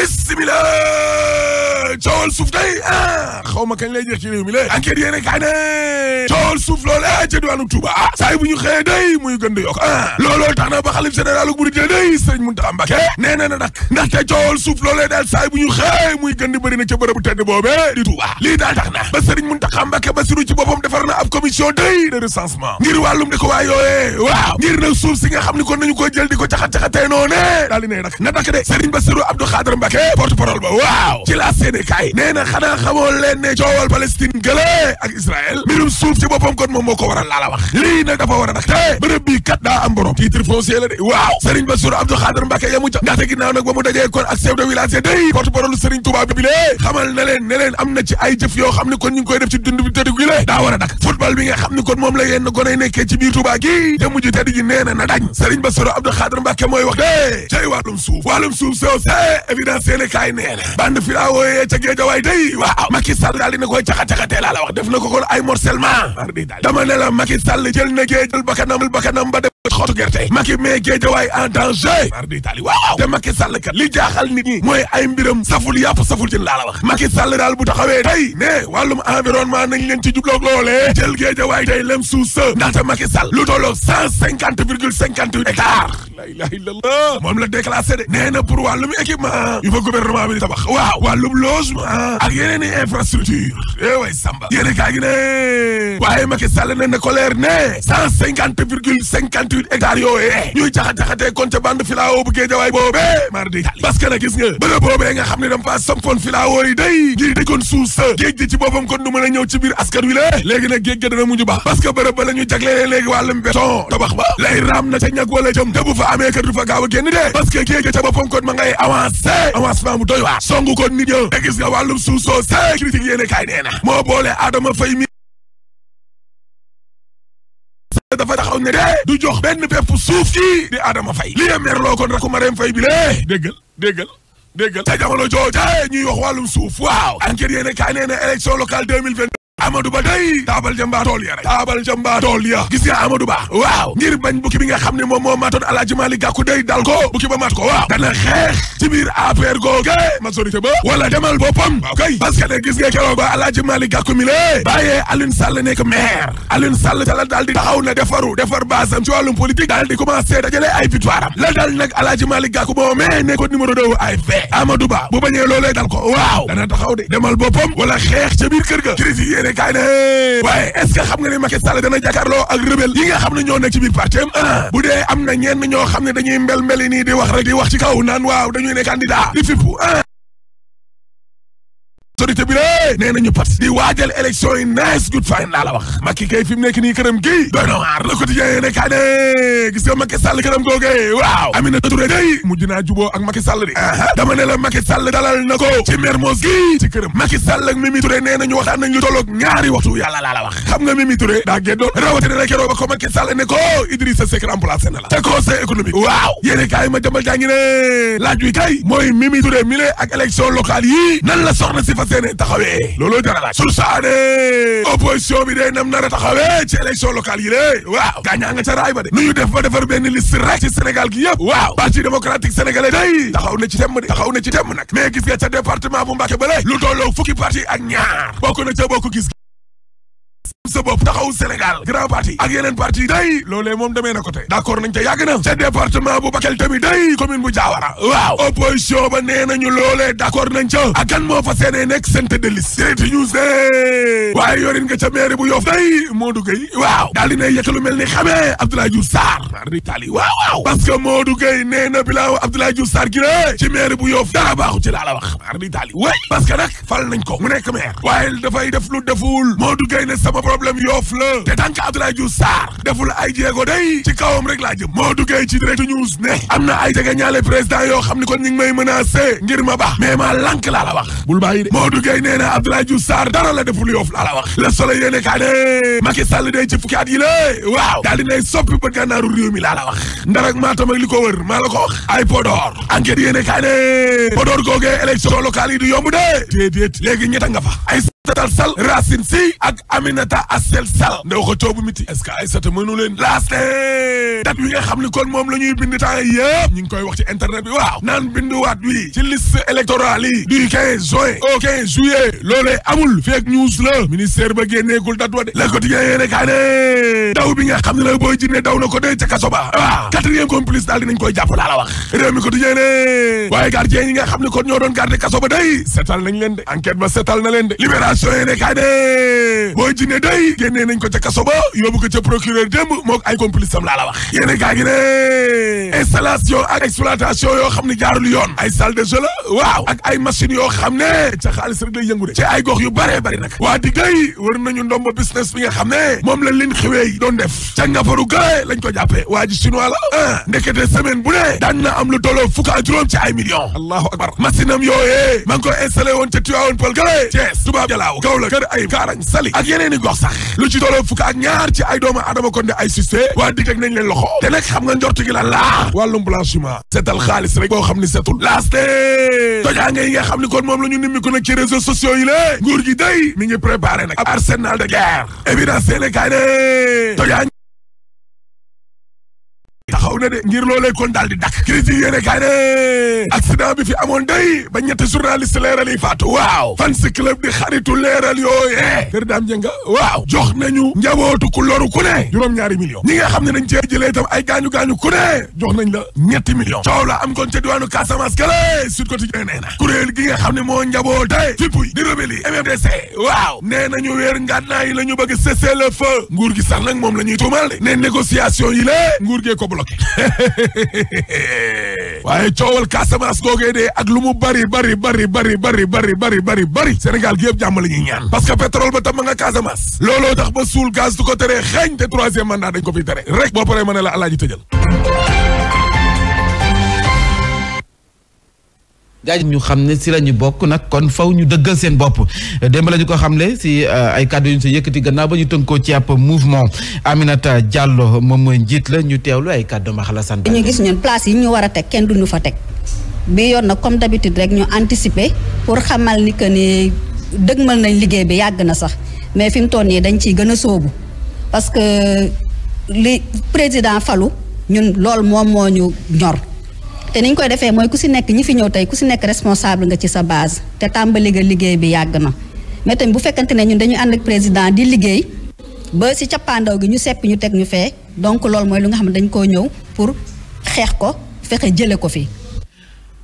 bismillah coowal suuf day ah xaw ma kañ lay jeex ci réew mi lé enquête yéene kaa ne coowal suuf loolu ah ca diwaanu Touba ah saa yi bu ñu xëyee day muy gën di yokk ah looloo tax na ba xalif généralu Mouride day sëriñ Mountakha Mbacké nee na na nag ndaxte coowal suuf loolee daal saa yi bu ñu xëyee muy gën di bëri na ca bërëbu tedd boobee di Touba lii daal tax na ba sëriñ Mountakha Mbacké Bassirou ci boppam defar na ab commission day de recensement ngir wàllum di ko waa yooyee waaw ngir nag suuf si nga xam ni kon nañu ko jël di ko caxat-caxatee noonee daal di ne nag na dakk de sëriñ Bassirou Abdou Khadre Mbacké porte parole ba waaw ci la séene kaay Ndiaye nee na xanaa xamoo leen ne coowal Palestine gële ak Israël mbirum suuf ci boppam kon moom moo ko waral laa wax lii nag dafa war a nag te kat daa am borom titre foncier la de waaw Serigne Bassirou Abdou Khadre Mbacké yamu ca ndaxte na leen ne leen am na ci ay jëf yoo xam ne kon ñu ngi koy def ci dund bi tëdd gi la daa war a dak football bi nga xam ne kon moom la yenn gone nekkee ci biir Touba gi te mujj tëdd na dañ Serigne Bassirou Abdou Khadre géejawaay day waaw Macky Sall daal dina koy caxa-caxatee laa la wax def na ko kon ay morcellement dama ne la Macky Sall jël na géej jël bakkanam bakkanam ba xootu gerte Macky mais Guédiawaye en danger mar di tali waaw te Macky Sall kat li jaaxal nit ñi mooy ay mbiram saful yàpp saful jën laa la wax Macky Sall daal bu taxawee tey ne wàllum environnement nañ leen ci jubloog loolee jël Guédiawaye tey lem suuf sa ndaxte Macky Sall lu tolloog cent cinquante virgule cinquante hectares la ilaha illallah moom la déclassé de nee na pour wàllum équipement yu fa gouvernement bi tabax waaw wàllum logement ak yeneen i infrastructure eh way Samba yéene kaa gi ne waaye Macky Sall ne vingt-huit hectares yooyee ñuy jaxat-jaxatee kon ca bande filao bu Géejawaay boobee mardi parce que nag gis nga bërëb boobee nga xam ne dama faa sampoon filao yi day ngir dëkkoon suuf sa géej gi ci boppam kon du mën a ñëw ci biir askan wi la léegi nag géej ga dana mujj ba parce bërëb ba la ñu jaglee léegi wàllum béton tabax ba lay raam na ca ñag wala jëm te fa amee kër du fa gaaw a génn de parce géej ca boppam kon ma ngay avancé avancement bu doy waar songu kon nit dafa taxaw ne de du jox benn pepp suuf kii di Adama Faye li mer loo kon rek ku Marème Faye bi lée déggal déggal déggal te jamono jooju ñuy wax suuf waaw enquête yéen a kaay nee na élection locale 2022 Amadou Ba day taabal jëmbaa tool ya rek taabal jëmbaa tool ya gis nga Amadou Ba waaw ngir bañ bukki bi nga xam ne moom moo maatoon Alaaji Maalik Gàkku day dal ko bukki ba maat ko waaw dana xeex ci biir APR googe majorité ba wala demal boppam waaw kay parce que ne gis nga keroog ba Alaaji Maalik Gàkku mi le bàyyee Alioune Sall nekk maire Alioune Sall ca la di taxaw na defaru defar baasam ci wàllum politique daal di commencé dajale ay victoire la dal nag Alaaji Maalik Gàkku moomee Ba bu bañee loolee dal ko waaw dana taxaw yéene kaay ne waaye est-ce que xam nga ne Macky Sall dana jàkkaarloo ak rebelle yi nga xam ne ñoo nekk ci biir parti am a ah, bu dee am na ñenn ñoo xam ne dañuy mbel mbeli nii di wax rek di wax ci kaw naan waaw dañuy ne candidat di fippu ah. autorité bi lée nee nañu pat di waajal élection yi nice good fine laa la wax Macky kay nekk nii këram gi doy na waar le quotidien yée ne kaa ne gis nga Macky Sall këram waaw Aminata Touré day mujj naa juboo ak Macky Sall di dama ne la Macky Sall dalal na ko ci Mermoz gi ci këram Macky Sall ak Mimi Touré nee nañu waxtaan nañ lu tolloog ñaari waxtu yàlla laa la wax xam nga Mimi Touré daa géddoon rawatina na keroo ba ko Macky Sall ne ko Idrissa Seck ma jambal ne laaj wi kay mooy Mimi yéene taxawee looloo jar a laaj su bi day nam nar a taxawee ci élection locale yi lée waaw gaañaa nga ca raay ba de nu ñu def ba defar benn liste rek Sénégal gi yëpp waaw parti démocratique sénégalais day taxaw na ci temm de taxaw na ci temm nag mais gis nga ca département bu Mbàkke ba le lu tolloo fukki parti ak ñaar bokk na ca bokk gis sa bopp taxawu Sénégal grand parti ak yeneen parti day loolee moom demee na côté d'accord nañ ca yàgg na ca département bu Bakel tamit day commune bu Diawara waaw opposition ba nee nañu loolee d'accord nañ ca ak moo fa seenee nekk seen tête de liste Direct News yorin nga ca maire bu Yoff day Modou Gueye waaw daal dina lu mel ni xamee Abdoulaye Diouf Sarr ardi tali ci maire bu Yoff dara baaxu ci laa wax ardi tali way parce que fal nañ ko mu nekk maire waaye dafay def lu deful Modou Gueye ne problème yoof la te tànk Abdoulaye Diouf Sarr deful ay jéego day ci kawam rek laa jëm moo duggee ci direct news ne am na ay jege ñaale président yoo xam ne ko ñu ngi may menacé ngir ma ba mais ma lank laa la wax bul bàyyi de moo duggee nee na Abdoulaye Diouf dara la deful yoof laa la wax le soleil yéene kaa ne Macky Sall day ci fukki at yi la waaw daal dinay soppi ba gànnaaru réew mi laa la wax ndar ak maatam li ko wër maa la ko wax ay Podor enquête yéene kaa ne Podor googee élection locale yi du yomb Aïssata Sall Racine Sy ak Aminata Assel Sall ndaw ko coobu miti est-ce que Aïssata mënu dat wi nga xam ne kon moom la ñuy bind temps yëpp ñu ngi koy wax ci internet bi waaw naan binduwaat wi ci liste électorale yi du 15 juin au 15 juillet loolee amul fake news la ministère ba génneekul dat wa de Le Quotidien yéene kaa ne daw bi nga xam ne la booy jinne daw na ko dee ca kaso ba waaw quatrième complice daal dinañ koy jàpp laa la wax réew mi Quotidien ne waaye gardien yi nga xam ne kon ñoo doon garder kaso ba day setal nañ leen na leen de libéral libération yéene kay ne booy jinne ko ca kaso ba yóbbu ko ca procureur la wax yéene kaa yoo xam ne jaarul yoon ay salle de jeu la waaw ak ay machines yoo xam ne ca xaalis rek lay yu bare bari nag waa dig day war nañu ndomba business bi nga xam ne moom la lin xiwee doon def ca ngafaru gae lañ ko jàppee waa ji chinois la ah ndekete semaine bu ne daan na am lu tolloo fukk ak juróom ci ay millions allahu akbar machine am yooyee ma ngi ko installé woon ca Tivaouane Peulh gae Thiès tubaab Ngalaaw Kaolack Kër Ayib Kaarañ Sali ak yeneen i gox lu ci toloo fukk ñaar ci ay doomu aadama kon di ay suspect waa digg ak nañ leen loxo te nag xam nga njortu gi la laa wàllum blanchiment seetal xaalis rek boo xam ni setul laaste tojaange yi nga xam ni kon moom la ñu nimmi ko nag ci réseaux sociaux yi la nguur gi day mi ngi préparé nag arsenal de guerre évidence yéene kaay ne taxaw na de ngir loolee kon daal di dakk critique yéene kaay ne accident bi fi amoon day ba ñetti journaliste leeral yi faatu waaw fans club di xaritu leeral yooyee kër daam jënga waaw jox nañu njabootu ku loru ku ne juróom-ñaari million ñi nga xam ne dañ cee jëlee itam ay gaañu-gaañu ku ne jox nañ la ñetti million coow la am kon ca diwaanu Casamance kale Sud Quotidien nee na kuréel gi nga xam ne moo njaboote fippuy di rebelli MFDC waaw nee nañu weer ngaat naa yi la ñu bëgg cesser le gi sax nag moom la ñuy tuumal ne négociation yi lée nguur gee bloqué waaye coowal Casamance googee dee ak lu mu bari bari bari bari bari bari bari bari bari Sénégal gi yëpp jàmm la ñuy ñaan parce que pétrole ba tam ma nga Casamance looloo tax ba suul gaz du ko teree xeeñ te troisième mandat dañ ko fi tere rek boo paree ma ne la alaaji tëjal jaajëf ñu xam ne si la ñu bokk nag kon faw ñu dëggal seen bopp démb la ñu ko xamle si euh, ay kàddu yu ñu si yëkkati gannaaw ba ñu tënkoo ci ab mouvement Aminata Diallo moom mooy njiit la ñu teewlu ay kàddu ma xala sant ñu gis ñun place yi ñu war a teg kenn du ñu fa teg bi yoon nag comme d'habitude rek ñu anticiper pour xamal ni que ni dëgmal nañ liggéey bi yàgg na sax mais fi mu toll nii dañ ciy gën a sóobu parce que li président falu ñun loolu moom moo ñu ñor. te niñ koy defee mooy ku si nekk ñi fi ñëw tey ku si nekk responsable nga ci sa baas te tàmbali nga liggéey bi yàgg na mais tamit bu fekkante ne ñun dañuy ànd ak président di liggéey ba si cappaandaw gi ñu sepp ñu teg ñu fee donc loolu mooy lu nga xam ne dañ koo ñëw pour xeex ko fexe jële ko fi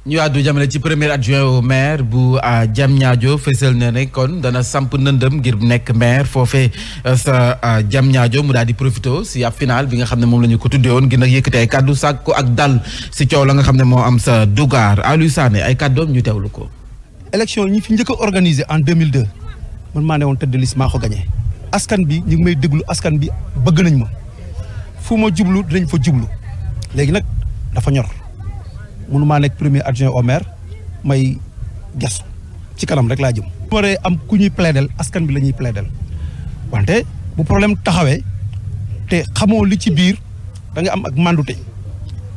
ñu àddu jamono ci premier adjoint au maire bu Diamniadio fësal na ne kon dana samp nëndëm ngir nekk maire foofee euh, sa Diamniadio mu daal di profité si ab final bi nga xam ne moom la ñu ko woon ngir nag yëkkati ay kaddu ko ak dal si coow la nga xam ne moo am sa Dougar Aliou Sané ay kaddoom ñu teewlu ko. élection ñi fi njëkk a en 2002 man maa ne woon tëdd liste maa ko gagné askan bi ñu ngi may déglu askan bi bëgg nañ ma fu ma jublu dinañ fa jublu léegi nag dafa ñor. mënumaa nekk premier adjoint au maire may ges ci kanam rek laa jëm. bu waree am ku ñuy plaidel askan bi la ñuy plaidel wante bu problème taxawee te xamoo li ci biir da nga am ak mandute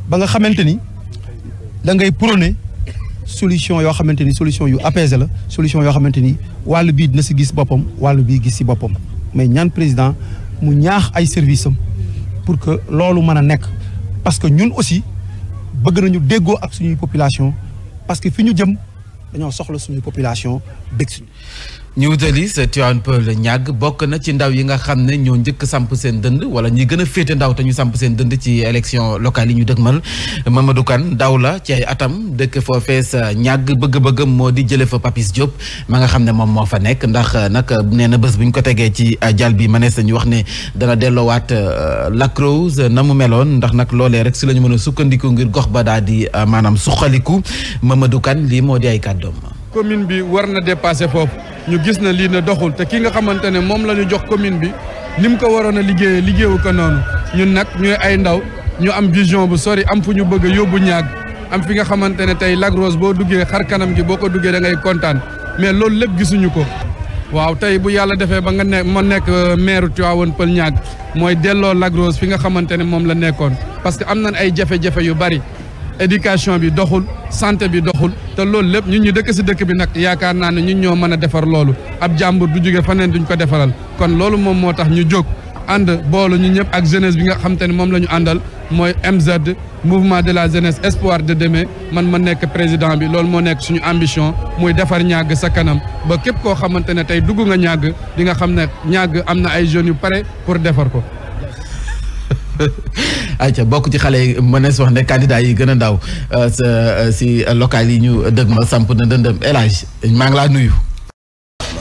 ba nga xamante ni da ngay prôné solution yoo xamante ni solution yu apaisé la solution yoo xamante ni wàll bii dina si gis boppam wàllu bii gis si boppam mais ñaan président mu ñaax ay service am pour que loolu mën a nekk parce que ñun aussi. bëgg nañu déggoo ak suñuy population parce que fi ñu jëm dañoo soxla suñuy population dégg suñu ñu wutali sa Tivaouane Peulh ñàgg bokk na ci ndaw yi nga xam ne ñoo njëkk samp seen dënd wala ñi gën féete ndaw te ñu samp seen dënn ci élection locale yi ñu dëgmal Mamadou Kane ndaw la ci atam dëkk foofee sa ñàgg bëgg moo di jële fa Papis Diop ma nga xam ne moom moo fa nekk ndax nag nee na bés bu ñu ko tegee ci jal bi manees nañu wax ne dana delloowaat euh, Lac Rose na mu meloon ndax nag loolee rek si lañu ñu mën a sukkandiku ngir gox ba daal di euh, maanaam suqaliku Mamadou kan lii moo di ay kàddoom commune bi war na dépasser foofu ñu gis na lii na doxul te ki nga xamante ne moom la ñu jox commune bi ni ko waroon a liggéeyee liggéeyu ko noonu ñun nag ñooy ay ndaw ñu am vision bu sori am fu ñu bëgg yóbbu ñaag am fi nga xamante ne tey Lac boo duggee xar kanam gi boo ko duggee da ngay kontaan mais loolu lépp gisuñu ko. waaw tey bu yàlla defee ba nga ne ma nekk euh, maire Tivaouane Peulh Niague mooy delloo Lac Rose fi nga xamante ne moom la nekkoon parce que am na ay jafe yu bari éducation bi doxul sante bi doxul te loolu lépp ñu ñu dëkk si dëkk bi nag yaakaar naa ne ñun ñoo mën a defar loolu ab jàmbur du jóge faneen duñu ko defaral kon loolu moom moo tax ñu jóg ànd boolu ñu ñëpp ak jeunesse bi nga xam ne moom la ñu àndal mooy MZ mouvement de la jeunesse espoir de demain man ma nekk président bi loolu moo nekk suñu ambition mooy defar ñàgg sa kanam ba képp koo xamante ne tey dugg nga ñàgg di nga xam ne ñàgg am na ay jeunes yu pare pour defar ko ayca bokk ci xale yi mënees wax ne candidat yi gën a ndaw euh, sa euh, si local yi ñu dëgg ma samp na dëndëm El Hadj maa ngi laa nuyu.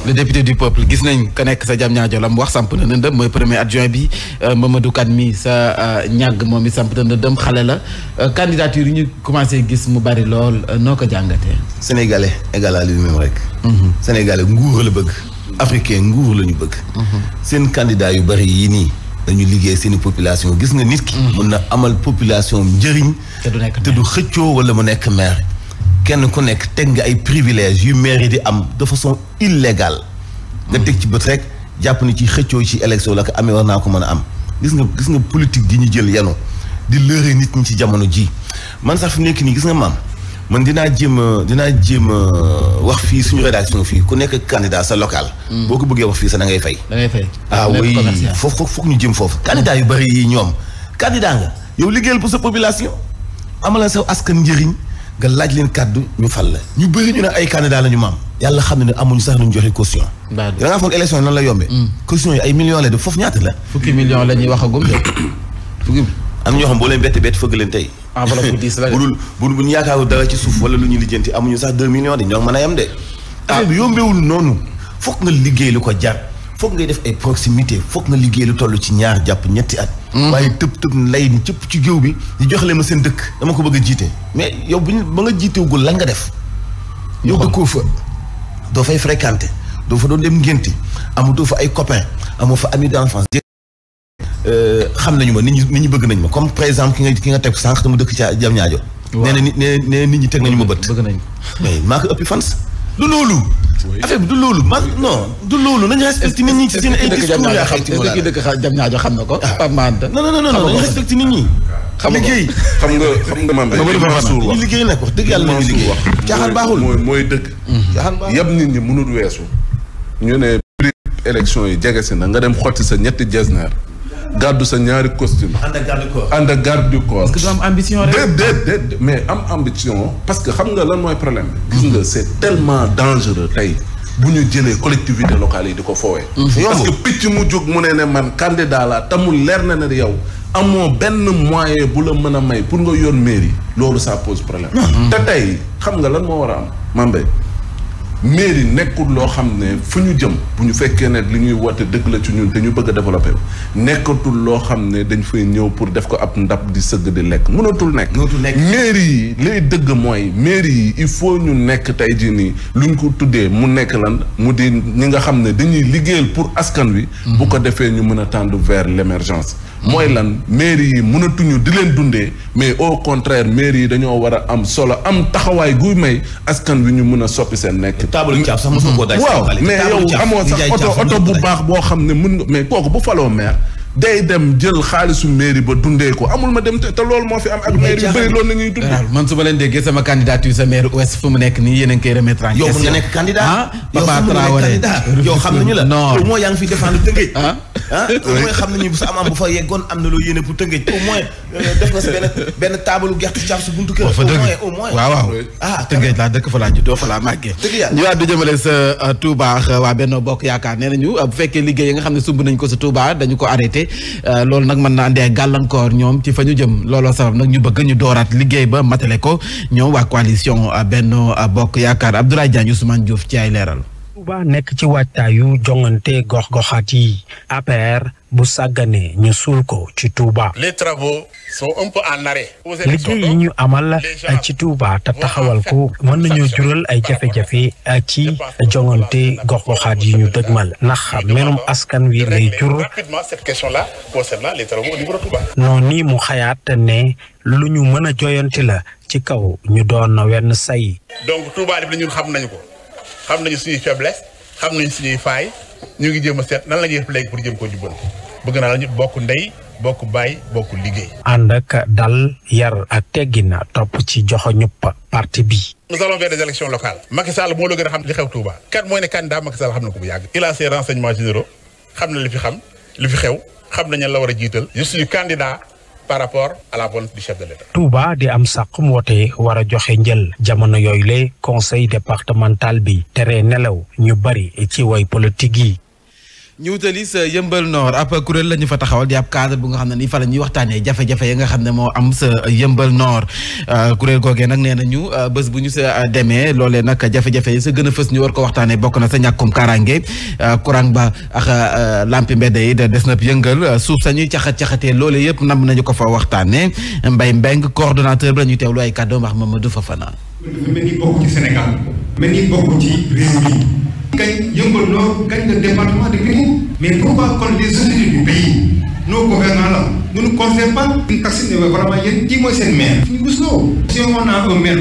le député du peuple gis nañ ko nekk sa jam ñaajo la mu wax samp na ndëndëm mooy premier adjoint bi euh, Mamadou Kane mii sa ñàgg moom mi samp na ndëndëm xale la candidature yi ñu commencé gis mu bari lool noo ko jàngatee. sénégalais égal à lui-même rek. Mhm. sénégalais nguur la bëgg. africain nguur la bëgg. Mhm. seen candidat yu bari yi nii. dañu liggéey seeni i population gis nga nit ki. Mm. mun na amal population njëriñ. te du nekk du xëccoo wala mu nekk maire. kenn ku nekk teg nga ay privilèges yu maire yi di am de façon illégale. nga mm. teg ci bët rek jàpp ni ci xëccoo ci élection la ko amee war naa ko mën a am gis nga gis nga politique gi ñu jël yanu di lëre nit ñi ci jamono ji man sax fi nekk nii gis nga maam. man dinaa jéem a dinaa jéem a wax fii suñu rédaction fii ku nekk candidat sa local. Hmm. boo ko bëggee wax fii sa da ngay fay. da ngay fay ah oui foofu foofu ñu jëm foofu. Hmm. candidat yu bari yi ñoom. candidat nga yow liggéeyal pour sa population amala sa askan njëriñ laaj leen kàddu ñu fal la. ñu bëri ñu ay candidat la ñu maam. yàlla xam ne ne sax luñ joxe caution. da ngaa foog élection la yombee. Hmm. caution ay millions foofu ñaata la. fukki millions la ñuy waxagum de. fukki am ñoo xam boo leen bett bett fëgg leen tey enveloppe bu diis la de. budul bu ñu yaakaaru dara ci suuf wala lu ñu lijjanti amuñu sax deux millions de ñoo mën a yem de. ah yombewul noonu. foog nga liggéey lu ko jar. foog ngay def ay proximité foog nga liggéey lu toll ci ñaar jàpp ñetti at. Mhm. waaye tëb tëb lay ni cëpp ci géew bi. ñu jox leen ma seen dëkk dama ko bëgg a jiite. mais yow bu ñu ba nga jiitewugul lan nga def. yow dëkkoo fa. doo fay fréquenté doo fa doon dem ngénti amatoo fa ay copains amoo fa ami d'enfance Euh, xam nañu ma nit ñi nit ñi bëgg nañ ma comme par exemple ki nga ki nga teg sànq dama dëkk ca jam ñaajo nee na nee na nit ñi teg nañu ma bët bëgg nañ mais maa ko ëppi fans du loolu affaire bi du loolu man non du loolu nañu respecté nit ñi ci seen ay discours yaa xam est-ce que dëkk jam ñaajo xam na ko ah. Pape Mahanta non non non nañu respecté nit ñi xam nga liggéey xam nga xam nga man Mansour wax liggéey nag wax dëgg yàlla nañu liggéey wax caaxaan baaxul mooy mooy dëgg mm-hmm. caaxaan baaxul yab nit ñi mënul weesu ñu ne élection yi jege si na nga dem xotti sa ñetti jesneer gàddu sa ñaari costume. ànd ak garde corps ànd ak garde du corps. mais am ambition. parce que xam nga lan mooy problème bi. gis nga c'est tellement dangereux tey. bu ñu jëlee collectivité locale yi di ko foowee. Mm-hmm. parce que picc mu jóg mu ne ne man candidat la tamul leer na ne yow. amoo benn moyen bu la mën a may pour nga yoon mairie. loolu ça pose problème. Mm-hmm. te tey xam nga lan moo war a am. Mambey mairie nekkul loo xam ne fu ñu jëm bu ñu fekkee ne li ñuy woote dëgg la ci ñun te ñu bëgg a développé nekkatul loo xam ne dañ fay ñëw pour def ko ab ndab di sëgg di lekk mënatul nekk. mënatul nekk mairie yi lay dëgg mooy mairie yi il faut ñu nekk tey jii nii lu luñ ko tuddee mu nekk lan mu di ñi nga xam ne dañuy liggéeyal pour askan wi. Mm-hmm. bu ko defee ñu mën a tendre vers l'émergence. mooy lan mairie yi mënatuñu di leen dundee mais au contraire mairie yi dañoo war a am solo am taxawaay guy may askan wi ñu mun a soppi seen nekk. taabalu mm. caaf sax mosoo koo daaj. waaw mais yow amoo sax oto oto bu baax boo xam ne mën mais kooku bu faloo maire day dem jël xaalisu mairie ba dundee ko amul ma dem te loolu moo fi am ak mairie yu ma leen déggee sama candidature sa maire ouest fu mu nekk nii yéen a ngi koy remettre ah, xam nañu la non moo yaa ngi fi défendre ah. Ah, xam nañu bu sa am am bu fa yeggoon am na loo yéene pour Tëngéej au moins euh, def nga si benn buntu kër au moins au moins waaw waaw ah Tëngéej laa dëkk fa laa juddoo fa laa màggee ñu euh, euh, waat Yaakaar nee nañu fekkee liggéey yi nga xam ne sumb nañ ko sa Touba dañu ko arrêté Euh, loolu nag mën na andi ay gàllankoor ñoom ci fa ñu jëm looloo sabab nag ñu bëgg ñu dooraat liggéey ba matale ko ñoom waa coalition a euh, euh, Bokk Yaakaar Abdoulaye Diagne Ousmane Diouf ci ay leeral. Touba nekk ci waajtaayu jongante gox-goxaat yi bu sàgganee ñu suul ko ci Touba. les travaux sont en yi ñu amal ci Touba te taxawal ko mën nañu jural ay jafe-jafe ci joŋante gox-goxaat yi ñu dëgmal ndax menum askan wi lay jur. noonu nii mu xayaat ne lu ñu mën a joyanti la ci kaw ñu doon wenn say. donc Touba li xam nañu ko xam nañu xam nañu suñuy faay. ñu ngi jéem seet nan la ñuy def léegi pour jëm koo jubbanti bëgg naa la ñu bokk ndey bokk bàyyi bokk liggéey. ànd ak dal yar ak teggina topp ci joxo ñëpp parti bi. nous allons vers des élections locales. Macky moo la gën a xam li xew Touba. kan mooy ne candidat Macky Sall xam na ko bu yàgg. il a ses renseignements généraux xam na li fi xam li fi xew xam na nañ la war a jiital. je suis candidat. par rapport à la volonté du chef de di am sàqum wote war a joxe njël jamono yooyu le conseil départemental bi tere nelaw ñu bari ci woy politique yi. ñu wutali sa euh, yëmbal noor ab kuréel la ñu fa taxawal di ab cadre bu nga xam ne nii fa la ñuy waxtaanee jafe-jafe yi nga xam ne moo am sa yëmbal noor euh, kuréel googee nag nee nañu euh, bës bu ñu sa demee loolee nag jafe-jafe yi sa gën a fës ñu war ko waxtaanee bokk na sa ñàkkum kaaraange courant ba ak lampi mbedd yi des na yëngal suuf sa ñuy caxat-caxatee loole yëpp nam nañu ko fa waxtaanee Mbaye Mbeng coordonnateur bi la ñuy teewlu ay kàddoom wax Mamadou Fafana mel ni ci Sénégal mel ni ci réew mi gagne Yumbo Nord, gagne le de Pékin. Mais pourquoi quand les autorités du pays, nos gouvernants là, ne nous conseillent pas une personne ne vraiment y dis-moi c'est le maire. Si on a un maire,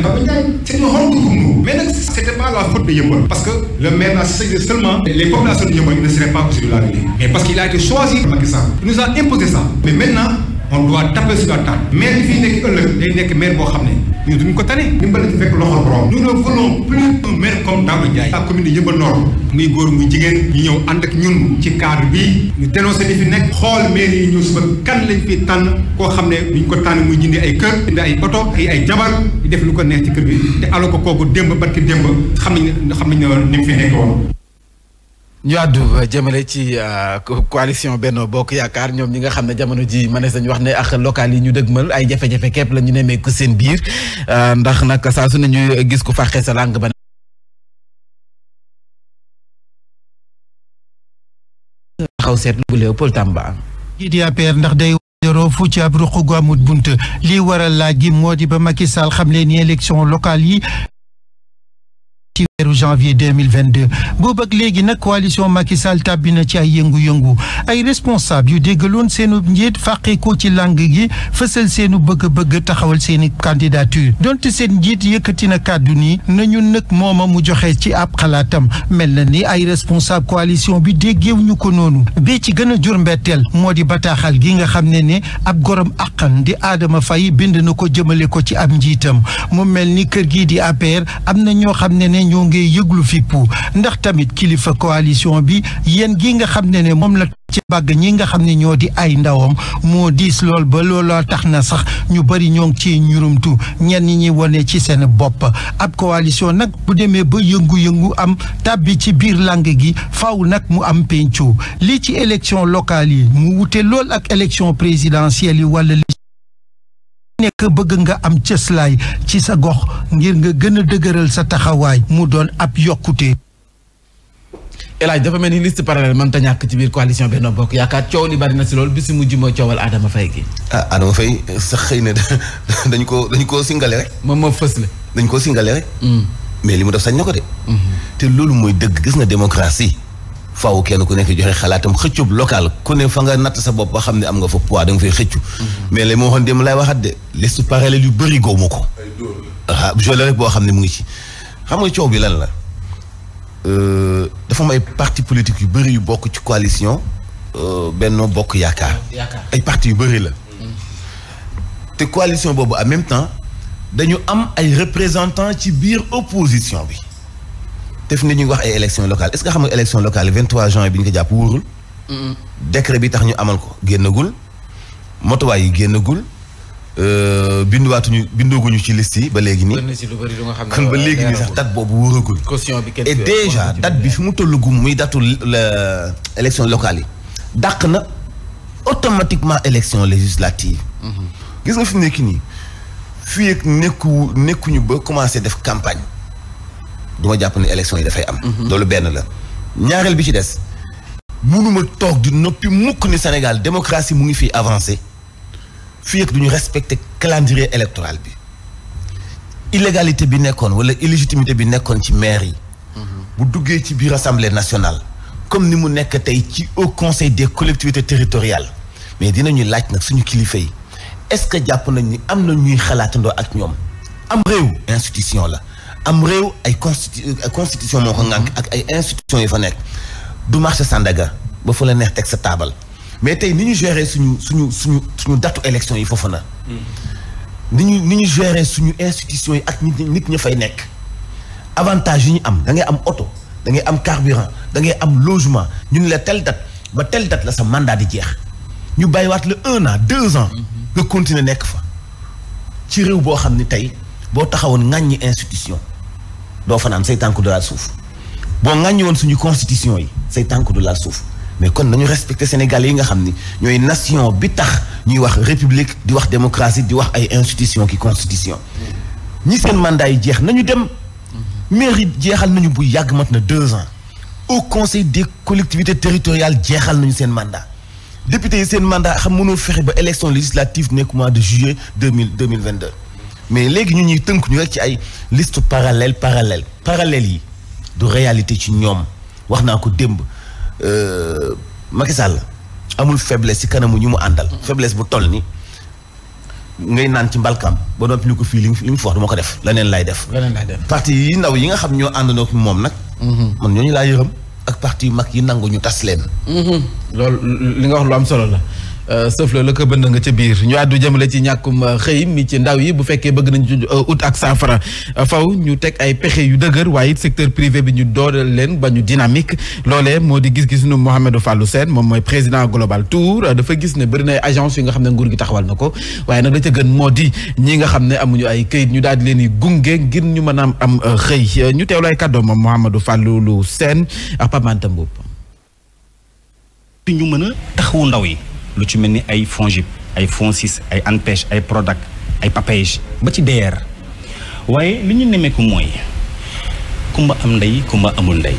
c'est une honte pour nous. Mais ce n'était pas la faute de parce que le maire a cessé seulement les populations de Yumbo ne seraient pas possibles de l'arrêter. Mais parce qu'il a été choisi par ça. Il nous a imposé ça. Mais maintenant, on doit taper sur la table. Maire, il nekk ëllëg day xam ne ñun duñ ko tane dimbali fekk loxol borom nous ne voulons plus un maire comme Daouda Ndiaye la commune de Yeumbeul Nord muy góor muy jigéen ñu ñëw ànd ak ñun ci cadre bi ñu dénoncé li fi nekk xool maire yi ñëw suba kan lañ fi tànn koo xam ne duñ ko tànn muy jëndi ay kër jëndi ay oto ay ay jabar di def lu ko neex ci kër bi te alors ko kooku démb barki démb xam nañ xam nañ ne ni mu fi nekk ñu àddu euh, jëmale ci euh, coalition Benno Bokk Yaakaar ñoom ñi nga xam ne jamono ji mënees nañu wax ne ak local yi ñu dëgmal ay jafe la ñu nemmeeku seen biir euh, ndax nag saa su gis ku fàqee sa langue ba xaw seetlu ndax day doro ci ab ruq gu bunt lii waral laaj gi moo di ba Macky Sall xam leen ni élection yi weeru janvier 2022 boobu ak léegi nag coalition Macky Sall tàbbi na ci ay yëngu-yëngu ay responsable yu déggaloon seenu njiit fàqeekoo ci lang gi fësal seenu bëgg-bëgg taxawal seeni candidature donte seen njiit yëkkati na kàddu nii nañu nag mooma mu joxe ci ab xalaatam mel na ni ay responsable coalition bi déggeew ko noonu bee ci gën a jur mbetteel moo di bataaxal gi nga xam ne ni ab gorom àqan di aadama fay bind na ko jëmale ko ci ab njiitam moo mel ni kër gii di APR am na ñoo xam ne ne ngi yëglu fippu ndax tamit kilifa coalition bi yéen gi nga xam ne ne moom la ci bàgg ñi nga xam ne ñoo di ay ndawam moo diis lool ba looloo tax na sax ñu bëri ñoo ci ciy ñurumtu ñenn ñi ñuy wane ci seen bopp ab coalition nag bu demee ba yëngu-yëngu am bi ci biir lang gi faw nag mu am penco lii ci élection locale yi mu wute lool ak élection présidentielle yi walla nekk bëgg nga am cëslaay ci sa gox ngir nga gën a dëgëral sa taxawaay mu doon ab yokkute. El Hadj dafa mel ni liste parallèle mënta ñàkk ci biir coalition Benno Bokk Yaakaar coow ni bari na si loolu bi si mujj moo coowal Adama Faye gi. ah Adama fay sa xëy na dañ koo dañ koo singale moom moo fës la. dañ koo singale mm. mais li mu def sañ na ko de. Mm-hmm. te loolu mooy dëgg gis nga démocratie. faaw kenn ku nekk joxe xalaatam xëccub local ku ne fa nga natt sa bopp ba xam ne am nga fa poids da nga fay xëccu. Mhm. mais li ma waxoon démb laay waxaat de liste parallèle yu bëri góob ma ko. ah jël rek boo xam ne mu ngi ci. xam nga coow bi lan la euh, dafa am ay parti politique yu bëri yu bokk ci coalition euh, Benno Bokk Yaakaar. ay parti yu bëri la. Mhm. te coalition boobu en même temps dañu am ay représentant ci biir opposition bi. te fi ne ñuy wax ay élection locale est ce que xam nga élection locale yi 23 juin bi ñu ko jàpp wóorul. décret bi tax ñu amal ko génnagul motuwaay yi génnagul euh, binduwaatuñu bindooguñu ci liste yi ba léegi nii. xam kon ba léegi nii sax date boobu wóoragul. caution bi kenn et déjà date bi fi mu tollugum muy datu la élection locale yi dàq na automatiquement élection législative. Mm-hmm. gis nga fi mu nekk nii fii nekku nekkuñu ba commencé def campagne. du ma jàpp ne élection yi dafay am. Mhm. loolu benn la ñaareel bi ci des. mënuma toog di noppi mukk ni Sénégal démocratie mu ngi fii avancé fii ak du ñu respecté calendrier électoral bi illégalité bi nekkoon wala illégitimité bi nekkoon ci maire yi. Mhm. bu duggee ci biir assemblée nationale. comme ni mu nekk tey ci au conseil des collectivité territoriale mais dinañu laaj nag suñu kilifa yi est-ce que jàpp nañ ni am na ñuy xalaatandoo ak ñoom am réew institution la. am réew ay constitu constitution moo ko ngànk mhm. ak ay institution yu fa nekk du marché Sandaga ba fu la neex teg sa taabal mais tey ni ñu gérer suñu suñu suñu suñu datu élection yi foofu na mhm. ni ñu ni ñu gérer suñu institution yi ak nit nit ña fay nekk avantage yi ñu am da ngay am oto da ngay am carburant da ngay am logement ñu ne la telle date ba telle date la sa mandat di jeex ñu bàyyiwaat la un an deux ans mhm. nga continuer nekk fa ci réew boo xam ne tey boo taxawoon ŋàññi institution doo fanaan say tànk du laal suuf boo ŋàññi woon suñu constitution yi say tànk du laal suuf mais kon nañu respecté sénégal yi nga xam ni ñooy nation bi tax ñuy wax république di wax démocratie di wax ay institution ki constitution ñi seen mandat yi jeex nañu dem mairie jeexal nañu bu yàgg mat na deux ans au conseil des collectivités territoriales jeexal nañu seen mandat député yi seen mandat xam mënoo fexe ba élection législative nekk mois de juillet deux mille deux mille mais léegi ñu ñuy tënk ñu rek ci ay list parallèle parallèle parallèle yi du réalité ci ñoom wax naa ko démb euh, Macky la amul faiblesse ci kanamu ñu mu àndal. faiblesse bu toll ni ngay naan ci mbalkam ba noppi ñu ko fii li mu fi wax du ma ko def. leneen lay def leneen lay def. parti yi ndaw yi nga xam ñoo àndandoo ak moom nag. Mhm. man ñooñu laa yërëm ak partie yu mag yi nangu ñu tas leen. Mhm. loolu li nga wax lu am solo la. Euh, sëf la la ko bënd nga ca biir ñu àddu jëmale ci ñàkkum euh, xëy mi ci ndaw yi bu fekkee bëgg nañ euh, ut ak saafara faw ñu teg ay pexe yu dëgër waaye it secteur privé bi ñu dooleel leen ba ñu dynamique loole moo di gis-gis nu Mouhamadou Fallou Sène moom mooy président global tour dafa gis ne bëri na agence yi nga xam ne nguur gi taxawal na ko waaye nag la ca gën moo di ñi nga xam ne amuñu ay këyit ñu daal di leen di gunge ngir ñu mën am am xëy ñu teewlay kàddoom moom Mouhamadou Fallou Sène ak Pape Manta Mboup ñu mën a taxawu ndaw yi lu ci mel ni ay FONGIP ay FONSIS ay ANPEJ ay PRODAC ay PAPEJ ba ci DER waaye li ñu nemeeku mooy kumba am ndey kumba amul ndey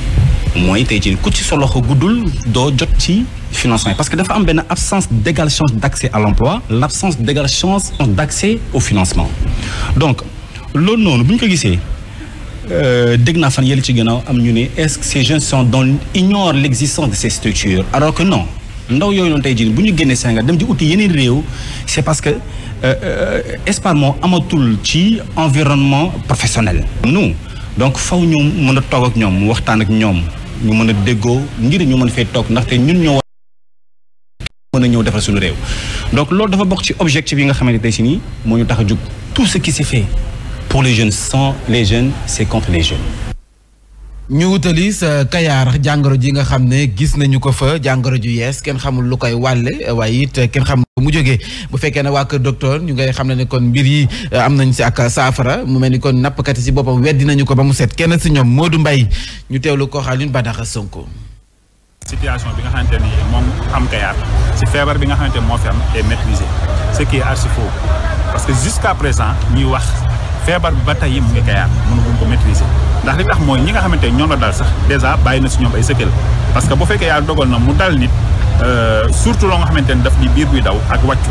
mooy tey ci ku ci sa loxo guddul doo jot ci financement parce que dafa am benn absence d'égale chance d'accès à l'emploi l'absence d'égale chance d'accès au financement donc loolu noonu bu ñu ko gisee euh, dégg naa fan yële ci gën a am ñu ne est-ce que ces jeunes sont dans ignorent l'existence de ces structures alors ndaw yooyu noonu tey jii bu ñu génnee Sénégal dem ci uti yeneen réew c'est parce que euh, euh, Espagne moo amatul ci environnement professionnel. nous donc faw ñu mën a toog ak ñoom waxtaan ak ñoom ñu mën a déggoo ngir ñu mën fee toog ndaxte ñun ñoo mën a ñëw defar suñu réew donc loolu dafa bokk ci objectif yi nga xamante tey si nii moo ñu tax a jug tout ce qui se fait pour les jeunes sans les jeunes c'est contre les jeunes. ñu wutali sa kayaar jàngoro ji nga xam ne gis nañu ko fa jàngoro ju yees kenn xamul lu koy wàlle waaye it kenn xam mu jóge bu fekkee ne waa kër ñu ngay xam ne ne kon mbir yi euh, am nañ si ak saafara mu mel ni kon nappkat yi si boppam weddi nañu ko ba mu set kenn si ñoom moo du mbay ñu teewlu ko Xalioune Badara Sonko. situation bi nga xamante ni moom am kayaar si feebar bi nga xamante moo fi am est maîtrisé ce qui est archi faux parce que jusqu'à présent ñuy wax feebar ba tey ndax li tax mooy ñi nga xamante ñoom la dal sax dèjà bàyyi na si ñoom ay sëkkal parce que bu fekkee yaa dogal na mu dal nit euh, surtout loo nga xamante ni daf di biir buy daw ak wàccu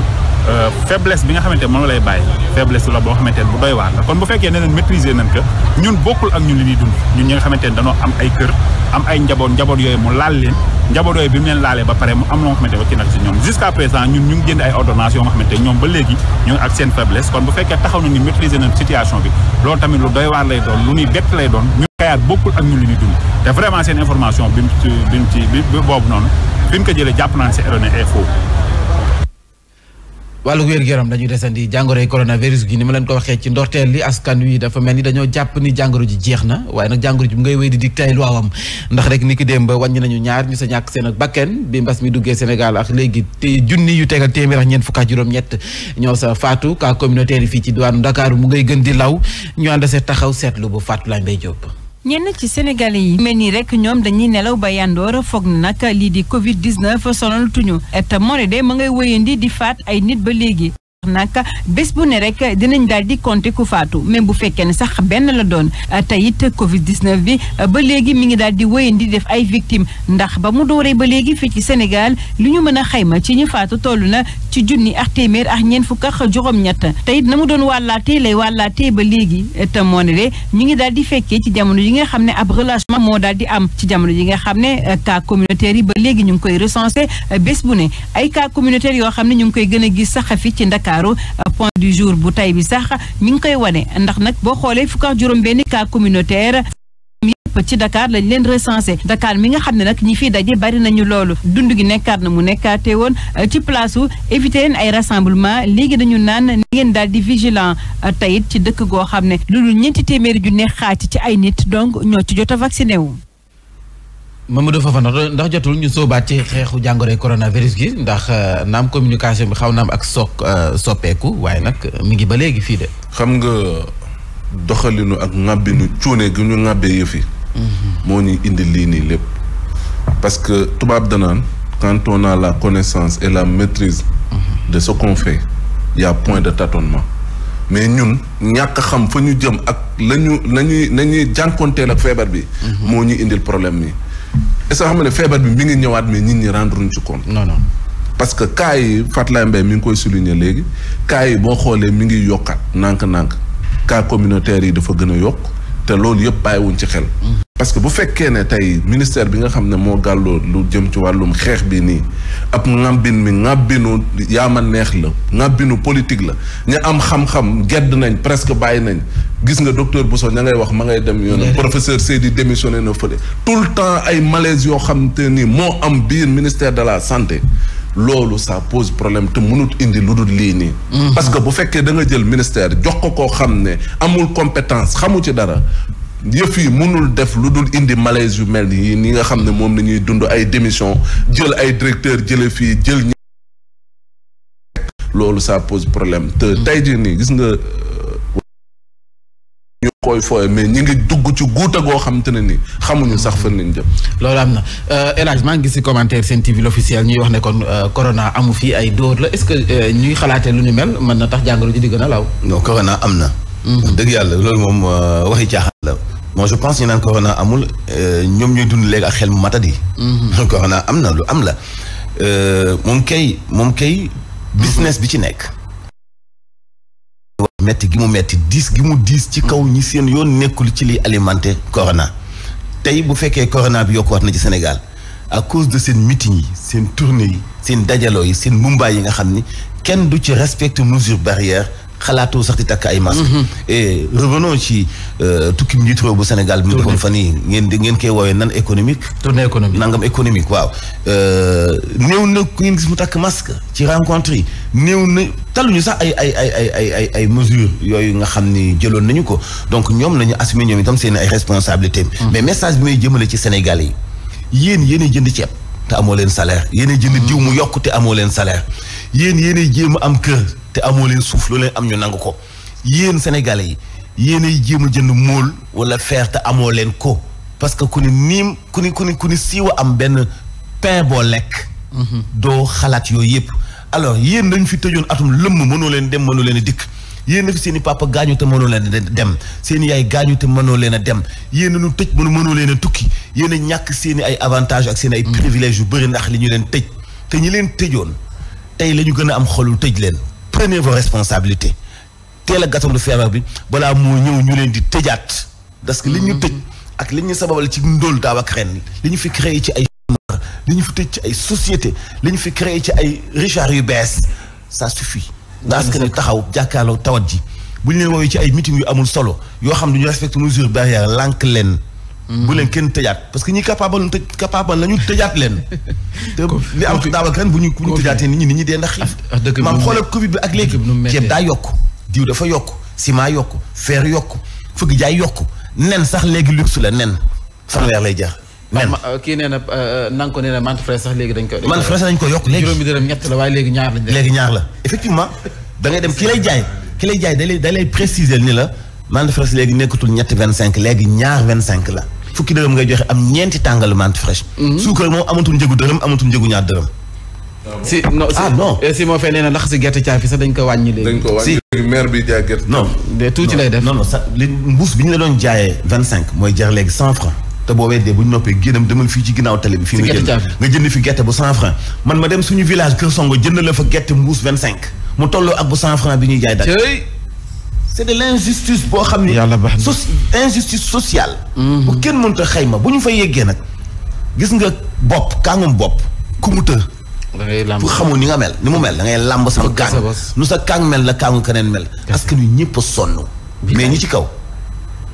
Euh, faiblesse bi nga xamante moom lay bàyyi faiblesse la boo xamante bu doy waar la kon bu fekkee ne leen maîtriser nañ ko ñun bokkul ak ñun li ñuy dund ñun ñi nga xamante ne dañoo am ay kër am ay njaboot njaboot yooyu mu laal leen njaboot yooyu bi mu leen laalee ba pare mu am loo xamante ne wàcc na ci ñoom jusqu'à présent ñun ñu ngi jënd ay ordonnance yoo nga xamante ñoom ba léegi ñu ngi ak seen faiblesse kon bu fekkee taxaw na ni maîtriser nañ situation bi loolu tamit lu doy waar lay doon lu ñuy bett lay doon ñun kayaat bokkul ak ñun dund vraiment seen information bi mu ci boobu noonu fi ko jëlee jàpp naan c'est erroné et wàllu wér-gu-yaram dañuy desandi jàngoroy coronavirus gi ni ma leen ko waxee ci ndorteel li askan wi dafa mel ni dañoo jàpp ni jàngoro ji jeex na waaye nag jàngoro ji bu ngay wéy di dicté ay luwaawam ndax rek ni ki dem ba wàññi nañu ñaar ñu sa ñàkk seen ak bakken bi mbas mi duggee Sénégal ak léegi te junni yu tegal téeméer ak ñeent fukk ak juróom-ñett ñoo sa faatu kaa communautaire yi fii ci diwaanu ndakaaru mu ngay gën di law ñu ànd seet taxaw seetlu bu Fatou Laye Mbaye Diop ñenn ci sénégalais yi mel nii rek ñoom dañuy nelaw ba a foog na nag lii di covid 19 sonal tuñu et moo ne de ma ngay wéyandi di faat ay nit ba léegi nag bés bu ne rek dinañ daal di compter ku faatu même bu fekkee ne sax benn la doon te it Covid 19 bi ba léegi mi ngi daal di wéyandi di def ay victim ndax ba mu dooree ba léegi fii ci Sénégal lu ñu mën a xayma ci ñu faatu toll na ci junni ak téeméer ak ñeent fukk ak juróom-ñett te it na mu doon wàllaatee lay wàllaatee ba léegi te moo ne de ñu ngi daal di fekkee ci jamono yi nga xam ne ab relâchement moo daal di am ci jamono yi nga xam ne cas communautaire yi ba léegi ñu ngi koy recensé bés bu ne ay cas communautaire yoo xam ne ñu ngi koy gën a gis sax fi ci Ndakaaru Ndakaaru point du jour bu tay bi sax ñi ngi koy wane ndax nag boo xoolee fukk ak juróom benn cas communautaire ci Dakar lañ leen recensé Dakar mi nga xam ne nag ñi fiy daje bari nañu loolu dund gi nekkaat na mu nekkaatee woon euh, ci place u éviter leen ay rassemblement léegi nañu naan ni ngeen daal di vigilant euh, tayit ci dëkk goo xam ne lu loolu ñeenti téeméeri ju ne xaaj ci ay nit donc ñoo ci jot a vacciné wu na Fofana ndax jotul ñu soobaat ci xeexu jàngoroy coronavirus gi ndax euh, naam communication bi xaw naam ak sook euh, soppeeku waaye nag euh, mi ngi ba léegi fii de. xam nga doxalinu ak ŋàbbinu cuune gi ñu ŋàbbee yëfi mhm. moo ñuy indi lii nii lépp. parce que tubaab danaan quand on a la connaissance et la maîtrise. Mhm. de ce qu'on fait y a point de tâtonnement. mais ñun ñàkk xam fa ñu jëm ak lañu ñu nañuy ñuy ak feebar bi. Mhm. moo ñuy indil problème mi. est-ce que xam feebar bi mi ngi ñëwaat mi nit ñi rendre ñu ci compte. non non parce que cas yi Fatlaye Mbaye mi ngi koy souligner léegi kaa yi boo xoolee mi ngi yokkaat nànk-nànk kaa communautaire yi dafa gën a yokk. te loolu yëpp bàyyiwuñ ci xel. parce que bu fekkee ne tey ministère bi nga xam ne moo gàlloo lu jëm ci wàllum xeex bi nii ab ŋàmbin mi ŋàbbinu yaama neex la ŋàbbinu politique la ñu am xam-xam gedd nañ presque bàyyi nañ gis nga docteur so ña ngay wax ma ngay dem yoon professeur Seydi démissionné na fële tout le temps ay malaise yoo xam te ni moo am biir ministère de la santé loolu ça pose problème te mënut indi lu dul lii nii. Mhm. parce que bu fekkee da nga jël ministère jox ko koo xam ne amul compétence xamu ci dara. yëf yi mënul def lu dul indi malaise yu mel yi nii nga xam ne moom la ñuy dund ay démission jël ay directeur jële fii jël ñi loolu ça pose problème te mhm. tey jii nii gis nga koy fooye mais ñu ngi dugg ci guuta goo xam te ne ni xamuñu sax fa lañ jëm. loolu am na euh, El Hadj maa ngi gis si commentaire seen TV l'officiel ñuy wax ne kon euh, corona amu fi ay dóor la est-ce que euh, ñuy xalaatee lu ñu mel mën na tax jàngoro gën a law. non corona am na. Mhm. dëgg yàlla loolu moom waxi caaxaan la. moi je pense ñu naan corona amul ñoom ñuy dund léegi a xel mu matadi. Mhm. corona am na lu am la moom kay moom kay business bi ci nekk. wax metti gi mu metti diis gi mu diis ci kaw ñi seen yoon nekkul ci liy alimenté corona tey bu fekkee corona bi yokkuwaat na ci Sénégal à cause de seen meeting yi seen tournée yi seen dajaloo yi seen mumbaay yi nga xam ni kenn du ci respecte mesures barrières xalaatoo sax di takk ay masque mhm. et revenons ci euh, tukki njiitu réew bu Sénégal bi mu defoon fan yii ngeen ngeen koy woowee nan économique tournée économique nangam économique waaw euh, néew na ku ngeen gis mu takk masque ci rencontre yi néew na ñu sax ay ay ay ay ay ay ay mesures yooyu nga xam ni jëloon nañu ko donc ñoom nañu assumer ñoom itam seen ay responsabilités mhm. mais message bi may jëmale ci Sénégal yi yéen yéenay jënd ceeb te amoo leen salaire yéenay jënd diw mu yokk amoo leen salaire yéen yéenay jéem a am kër te amoo leen suuf loo leen am ñu nangu ko yéen sénégalais yi yéenay jéem jënd móol wala feer te amoo leen ko parce que ku ni niim ku ni ku ni ku ni siiwa am benn pain boo lekk. Mhm. doo xalaat yooyu yëpp. alors yéen dañu fi tëjoon atum lëmm mënoo leen dem mënoo leen a dikk yéen na fi seen i papa gaañu te mënoo leen a dem seen i yaay gaañu te mënoo leen a dem yéen a ñu tëj mënu mënoo leen a tukki yéen a ñàkk seen ay avantages ak seen ay mhm. privilèges yu bëri ndax li ñu leen tëj te ñi leen tëjoon tey la gën a am xolul tëj leen prenez vos responsabilités teel a gàttandu feebar bi balaa moo ñëw ñu leen di tëjaat parce que li ñu mm-hmm. tëj ak li ñu sababal ci ndóol daaw a ren li ñu fi créé ci ay li ñu fi tëj ci ay société li ñu fi créé ci ay richard yu bees ça suffit ndaas mm-hmm. que ne taxaw jàkkaarloo tawat ji bu ñu leen woowee ci ay meeting yu amul solo yoo xam ne ñu respecte mesure barrière lànk leen Mm. bu leen kenn tëjaat parce que ñi capable ñu tëj ñu tëjaat leen. te li bu ñu bu ñu tëjaatee nit ñi nit ñi dee ndax xiif. dëgg maam xoolal Covid bi ak léegi. ceeb daa yokk diw dafa yokk ciment yokk fer yokk fëgg jaay yokk nen sax léegi luxe la nen fanweer lay jar. nen kii nee na euh, euh, nan ko nee na mante frais sax léegi dañ ko. mante frais dañ ko yokk léegi juróomi dërëm ñett la waaye ñaar lañ. léegi ñaar la effectivement da dem ki lay jaay ki lay jaay da lay da lay préciser ni la mante frais léegi nekkatul ñetti vingt cinq léegi ñaar vingt cinq la fukki dërëm ngay joxe am ñeenti tàngal menthe fraîche. Mhm. suukar moom amatul njëgu dërëm amatul njëgu ñaar dërëm. Ah si non si ah, eh, moo fee nee na lax si gerte caafi sax dañ ko wàññi léegi. dañ ko wàññi léegi maire bi jaay gerte. non de def non non bi ñu la doon jaayee. vingt cinq mooy jar léegi cent franc. te boo weddee bu ñu noppee génnam demal fii ci ginnaaw télé bi. fii nga jënd nga fi gerte bu cent franc. man ma dem suñu village Kër Songo jënd la fa gerte mbuus vingt cinq mu tolloo ak bu cent franc bi ñuy jaay dàq. c' est de l' injustice boo xam ne. yàlla baax na injustice sociale. bu kenn mënta ma bu ñu fa yeggee nag gis nga bopp kàngum bopp ku mu të. da ngay làmb pour xamul ni nga mel ni mu mel da ngay làmb sama kàng nu sa kàng mel la kàngu keneen mel. parce que ñun ñëpp sonn. mais ñi ci kaw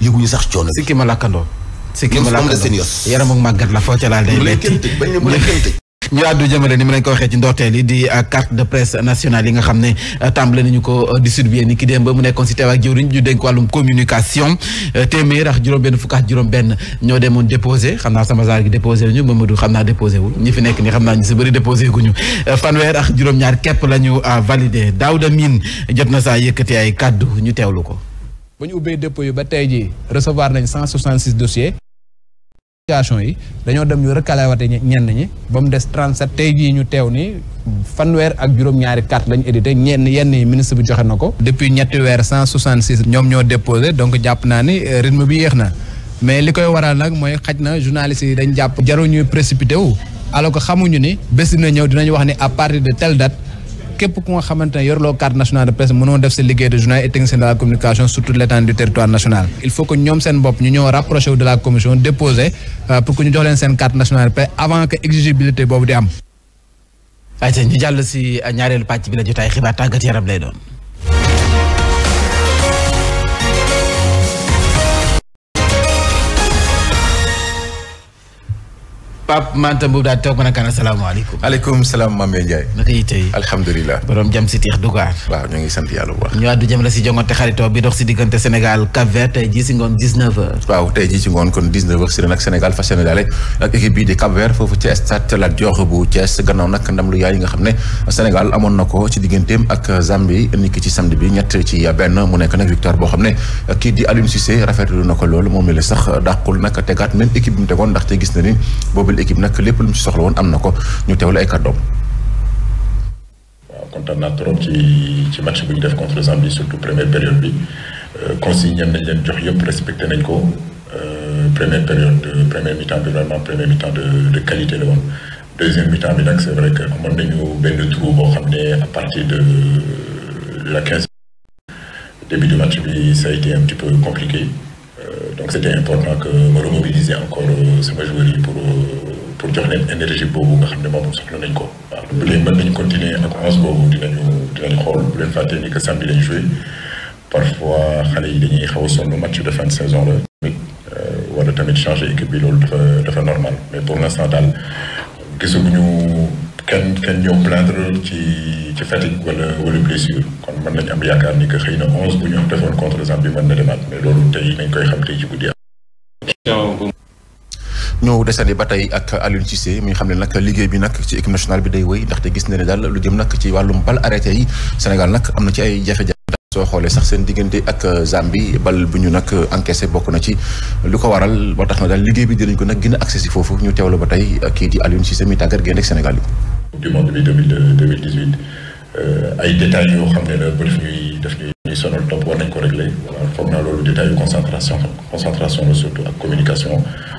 yëguñu sax coono bi. sikki ma làkkandoo. sikki ma làkkandoo yaram ak màggat la foo ca laal day metti. bu ñu àddu jëmale ni mu leen waxee ci ndorteel yi di euh, carte de presse nationale yi nga xam ne euh, tàmbale nañu ko euh, distribuer ni ki démb ba mu nekkoon si teew ak jëwriñ ñu dénk wàllum juróom-benn fukk ak juróom-benn ñoo demoon déposé xam naa sama zaar gi déposé ñu Mamadou xam naa déposé wul ñi fi nekk ni xam naa ñu si bëri déposé guñu fanweer ak juróom-ñaar képp la ñu validé Daouda Mine jot na saa yëkkati ay kàddu ñu teew lu ko. bu ñu ubbee dépôt yi ba tey jii recevoir nañ 166 dossiers. notification yi dañoo dem ñu recalé wate ñenn ñi ba mu des 37 tey jii ñu teew ni fanweer ak juróom-ñaari carte lañ édité ñenn yenn yi ministre bi joxe na ko. depuis ñetti weer 166 ñoom ñoo déposé donc jàpp naa ni euh, rythme bi yéex na mais li koy waral nag mooy xaj na journaliste yi dañ jàpp. jarul ñuy précipité wu xamuñu ni bés dina ñëw dinañ wax ni à de telle képp ku nga xamante ne yorloo carte nationale de presse mënoo def sa liggéey de journal et technicien de la communication surtout l'étendue du territoire national il faut que ñoom seen bopp ñu ñëw rapproché wu de la commission déposé euh, pour que ñu jox leen seen carte nationale de presse avant que exigibilité boobu di am. ayca ñu jàll si euh, ñaareelu pàcc bi la jotaay xibaar tàggat yaram lay doon. Pape Manta Mbow daal toog ma nag asalaamaaleykum. maaleykum salaam Mame Ndiaye. naka yi tey si teex dugaar. waaw ñu ngi sant yàlla bu baax. ñu àddu jëm la si jongante xaritoo bi dox si diggante Sénégal Cap Vert tey jii si ngoon 19h. waaw tey jii si ngoon kon 19h si la nag Sénégal fas yéene daale ak équipe bii di Cap Vert foofu ci stade Lat Dior bu Thiès gannaaw nag ndam lu yaay yi nga xam ne Sénégal amoon na ko ci digganteem ak Zambie niki ci samedi bi ñett ci benn mu nekk nag victoire boo xam ne kii di Aliou rafetlu na ko loolu moom mi la sax dàqul nag tegaat même équipe bi mu tegoon ndaxte gis na ni équipe nag lépp lu mu ci soxla woon am na ko ñu teewlu ay kàddoom. waaw kontaan naa trop ci ci match bu ñu def contre Zambie surtout première période bi euh, consigne leen jox yëpp respecté nañ ko euh, première période première mi bi vraiment première mi de de qualité la woon. deuxième mi bi nag c'est vrai que amoon nañu benn trou boo xam ne à partir de la quinze début du bi ça a été un petit peu compliqué euh, donc c'était important que ma encore sama joueur yi pour pour jox leen énergie boobu nga xam ne moom soxla nañ ko. waaw bu dee mën nañu continuer ak onze boobu dinañu dinañu xool bu leen fàtte ni que samedi lañ joué parfois xale yi dañuy xaw a match de fin de saison la. Euh, wala tamit changé équipe bi loolu dafa dafa normal mais pour l'instant daal gisaguñu kenn kenn ñëw plaindre ci ci fatigue wala wala blessure kon man nañ am yaakaar ni que xëy na onze bu ñu defoon contre Zambie mën na demaat mais loolu tey nañ koy xam tey ci guddi ñoo desandi ba tey ak Aliou Cissé mi nga xam liggéey bi nag ci équipe nationale bi day wéy ndaxte gis na ne daal lu jëm nag ci wàllum bal arrêté yi Sénégal nag am na ci ay jafe-jafe soo xoolee sax seen diggante ak Zambie bal bu ñu nag encaissé bokk na ci lu ko waral ba tax na daal liggéey bi dinañ ko nag gën a accès foofu ñu teewlu ba tey kii di Aliou Cissé mi tàggat gaynde ak Sénégal yi. Euh, ay détails yoo xam ne la ba def ñuy def ñuy sonal topp war nañ ko régler voilà foog naa loolu détails yu concentration concentration la surtout ak communication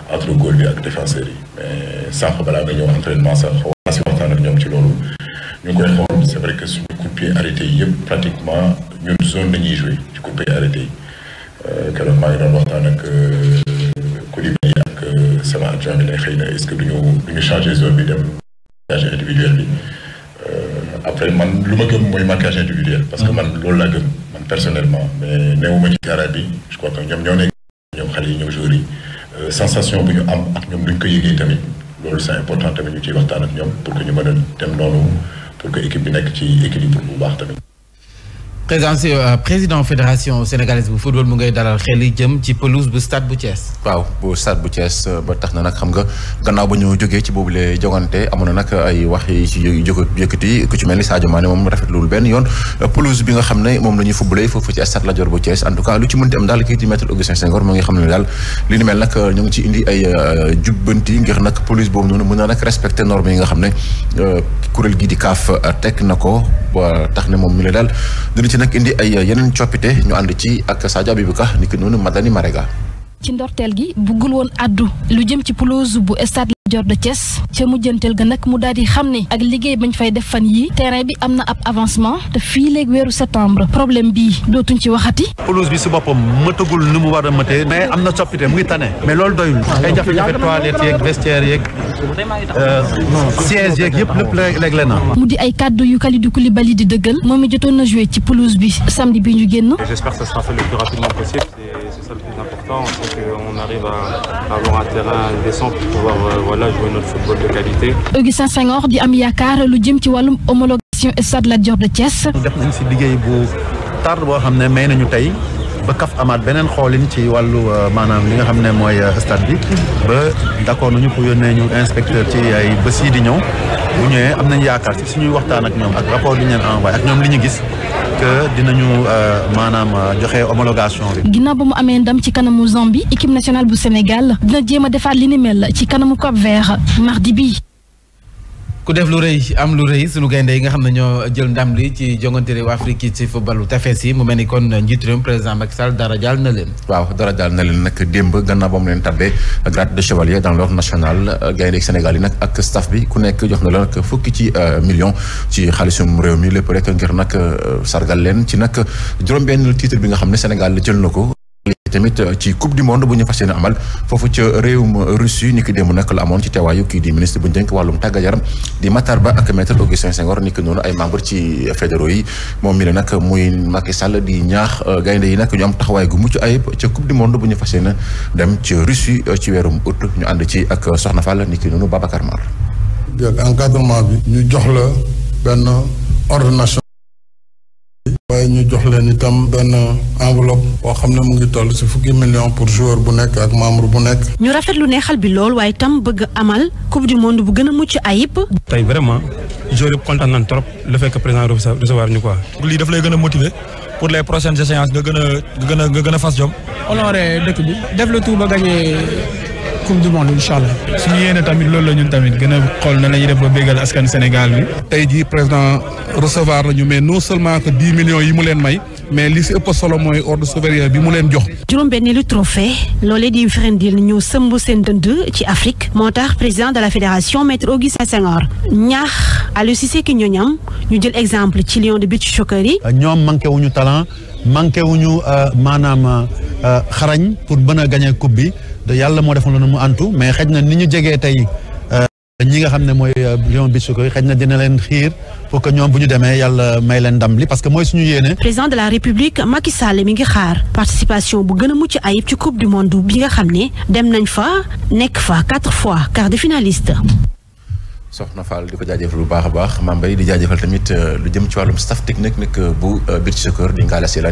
entre góol bi ak défenseurs yi mais sànq balaa nga ñëw entraînement sax xaw naa si waxtaan ak ñoom ci loolu ñu ngi koy xool c'est vrai que suñu coup de pied yi yëpp pratiquement ñun zone la ñuy joué ci coup yi euh, keroog maa ngi doon waxtaan ak euh, Koulibaly ak sama adjoint bi ne xëy na est-ce que duñu duñu changer bi bi Euh, après man lu ma gëm mooy marquage individuel. parce que man loolu laa gëm man personnellement mais néewuma ci garab bi je crois ñoom ñoo nekk ñoom xale yi ñoom joueurs yi euh, sensation bu ñu am ak ñoom luñ ko yëgee tamit loolu c'est important tamit ñu ciy waxtaan ak ñoom pour que ñu mën a dem noonu pour que équipe bi nekk ci équilibre bu baax tamit. président euh, président fédération sénégalaise bu football mu ngay dalal xel yi jëm ci pelouse bu stade bu Thiès. waaw bu stade bu Thiès euh, ba tax na nag xam nga gannaaw ba ñu jógee ci boobule jogante amoon na nag ay wax yi ci yëkkati ku ci mel ni Sadio Mané moom rafetluwul benn yoon euh, pelouse bi nga xam ne moom la ñuy foofu ci stade Lat bu Thiès en tout cas lu ci mënti am daal kii di maître Augustin Senghor moo ngi xam ne daal li ni mel nag ñu ngi ci indi ay jubbanti ngir nag pelouse boobu noonu mën nga gii di CAF teg na ko ba tax ne moom mi la daal ci nag indi ay yeneen coppite ñu ànd ci ak Sadio bi Ka ni ki noonu Madani Marega ci ndorteel gi buggul woon addu lu jëm ci pelouse bu stade Lat Dior de mujjanteel ga nag mu daal di xam ne ak liggéey bañ fay def fan yii terrain bi am na ab avancement te fii léegi weeru septembre problème bii dootuñ ci waxati. pelouse bi si boppam mëtagul ni mu war a mëtee mais am na soppite mu ngi tane mais loolu doyul ay jafe-jafe toilettes yeeg vestiaires yeeg euh, sièges yeeg yëpp lépp léeg-léeg na. mu di ay kàddu yu Kalidou Koulibaly di dëggal moom mi jotoon na joué ci pelouse bi samedi bi ñu génn. j'espère c'est ça le plus important, c'est qu'on arrive à avoir un terrain décent pour euh, di am yaakaar lu jëm ci wàllum homologation stade Lat Dior de Thiès. def nañ si liggéey bu tard boo xam ne may nañu tey ba kaf amaat beneen xoolin ci wàllu euh, maanaam li nga xam ne mooy euh, stade bi ba d'accord nañu pour yónnee ñu inspecteur ci ay ba yi di ñëw bu ñëwee am nañu yaakaar si suñuy waxtaan ak ñoom ak rapport bi ñu leen envoyé ak ñoom li ñu gis. que dinañu euh, maanaam euh, joxe homologation bi. ginnaaw ba mu amee ndam ci kanamu Zambie équipe nationale bu Sénégal dina jéem a defaat li ni mel ci kanamu Cap Vert mardi bi. ku def lu rëy am lu rëy sunu gaynde yi nga xam ne ñoo jël ndam li ci jongante réew Afrique yi ci footballu tefes yi mu mel ni kon njiitu réew président Macky Sall dara jaal na leen waaw dara jaal na leen nag démb gannaaw ba mu leen tabbee grade de chevalier dans l'ordre national gaynde Sénégal nag ak staff bi ku nekk jox na la nag fukki ci euh, million ci xaalisum réew mi lépp rek ngir nag euh, sargal leen ci nag juróom-benn titre bi nga xam ne Sénégal jël na ko tamit euh, ci coupe du monde bu ñu fas yéene amal foofu ca réewum Russie ni ki démb la amoon ci teewaayu kii di ministre bu njënk wàllum tàggat yaram di Matar Ba ak maître Augustin Senghor ni ki noonu ay membre ci fédéraux yi moom mi la nag muy Macky Sall di ñaax euh, gaynde yi nag ñu am taxawaay gu mucc ayib ca coupe du monde bu ñu fas yéene dem ci Russie euh, ci weerum août ñu ànd ci ak Soxna Fall ni noonu Babacar Mar. ñu jox la benn ordination waaye ñu jox itam benn enveloppe boo xam ne mu ngi toll ci fukki million pour joueur bu nekk ak membre bu nekk. ñu rafetlu neexal bi lool waaye itam bëgg amal coupe du monde bu gën a mucc ayib. tey vraiment joueur yëpp kontaan trop le fait président recevoir ñu quoi. lii daf lay gën a pour les prochaines échéances nga nga gën a nga coupe du monde incha tamit loolu la ñun tamit gën xool na la ñuy def ba bégal askan Sénégal bi. tey jii président recevoir nañu mais non seulement que dix millions yi mu leen may mais li si ëpp solo mooy ordre supérieur bi mu leen jox. juróom-benneelu trophée loolee di firndeel ñu sëmb seen dënd ci Afrique moo tax président de la fédération maître Augustin Senghor ñaax Aliou Cissé ki ñoo ñam ñu jël exemple ci Lion de beach soccer yi. ñoom manqué wuñu talent manqué wuñu euh, maanaam euh, xarañ pour mën a gagné coupe bi. de yàlla moo defoon loolu mu antu mais xëj na ni ñu jegee tey euh, ñi nga xam ne mooy Lion Beach Soccer xëj na dina leen xiir pour que ñoom bu ñu demee yàlla may leen ndam li parce que mooy suñu yéene. président de la république Macky Sall mi ngi xaar participation bu gën a mucc ayib ci coupe du monde bi nga xam ne dem nañ fa nekk fa quatre fois quart de finaliste. soxna Fall di ko jaajëfal bu baax a baax Mame Mbaye di jaajëfal tamit euh, lu jëm ci wàllum staff technique nag bu Beach Soccer di Ngalla Sylla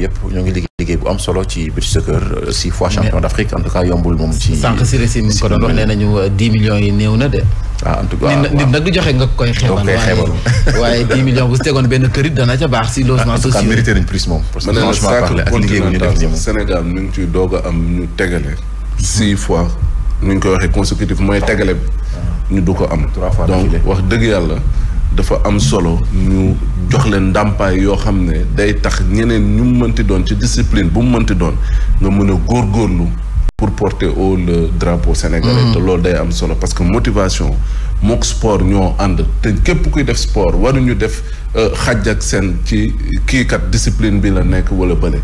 yëpp ñoo ngi liggéey. liggéey bu am solo ci British Soccer euh, six fois champion d'Afrique en tout cas yombul moom ci sànq si récit mu ko doon wax nee nañu euh, dix millions yi néew na de ah en nit nag du joxe nga koy xeebal waaye dix millions bu si tegoon benn kërit dana ca baax si logement sociaux ah, en tout cas mérité moom parce que franchement parlé liggéey bu ñu def Sénégal mi ngi ciy doog am ñu tegale six fois nu ñu koy waxee consécutif mooy tegale ah. ñu du ko am donc wax dëgg yàlla dafa am solo ñu jox leen ndàmpaay yoo xam ne day tax ñeneen ñu mënti doon ci discipline bu mu mënti doon nga mën a góorlu pour porter haut le drapeau sénégalais mm-hmm. te loolu day am solo parce que motivation mook sport ñoo ànd te képp kuy def sport waruñu def euh, xaj ak seen ci kii kat discipline bi la nekk wala bële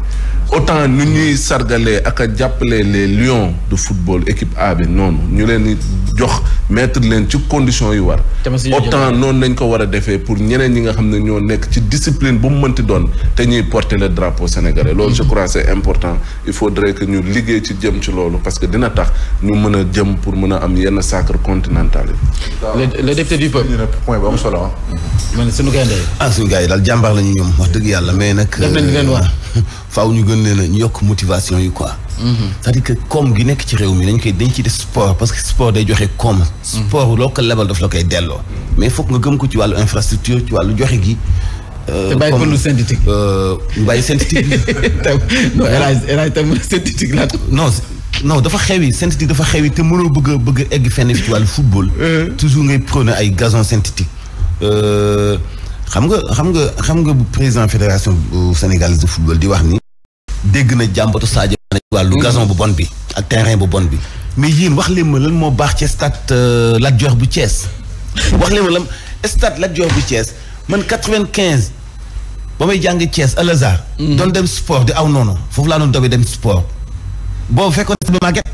autant ni ñuy sargalee ak a jàppalee les lions de football équipe A bi noonu ñu leen di jox mettre leen ci condition yu war autant noonu lañ ko war a defee pour ñeneen ñi nga xam ne ñoo nekk ci discipline bu mu mënti doon te ñuy porter le drapo sénégalais loolu je crois c'est important il faudrait que ñu liggéey ci jëm ci loolu parce que dina tax ñu mën a jëm pour mën a am yenn sacre continental le le député du peuple. point bu am solo ah. Mm-hmm. sunu gaynde ah sunu gars daal jàmbaar la ñu ñoom wax dëgg yàlla mais nag. def nañ leen war euh, faaw ñu gën leen a yokk motivation yi quoi. Mm-hmm. c'est-à-dire que koom gi nekk ci réew mi dañ koy dañ ciy def sport parce que sport day joxe koom. sport mm-hmm. loo ko lebal daf la koy delloo. mais foog nga gëm ko ci wàllu infrastructure ci wàllu joxe gi. Euh, te bàyyi ko lu synthétique. Euh, ñu bàyyi synthétique bi. non élargi élargi non dafa xewi synthétique dafa xewi te mënoo bëgg a bëgg egg fenn ci wàllu football. Eh. toujours ngay prôné ay gazon synthétique. Euh, xam nga xam nga xam nga bu président fédération sénégalaise de di wax ni. dégg na jàmbatu Sadio Mané ci wàllu mm. gazon bu bon bi ak terrain bu bon bi. mais yiin wax leen ma lan moo baax ci stade euh, Lat Dior bu Thiès. wax leen ma lan stade Lat bu Thiès man quatre-vingt-quinze ba may jàng cees Al Azhar. Mm. doon dem sport di aw noonu foofu laa doon doge dem sport. boobu fekkoon stade bu màgget.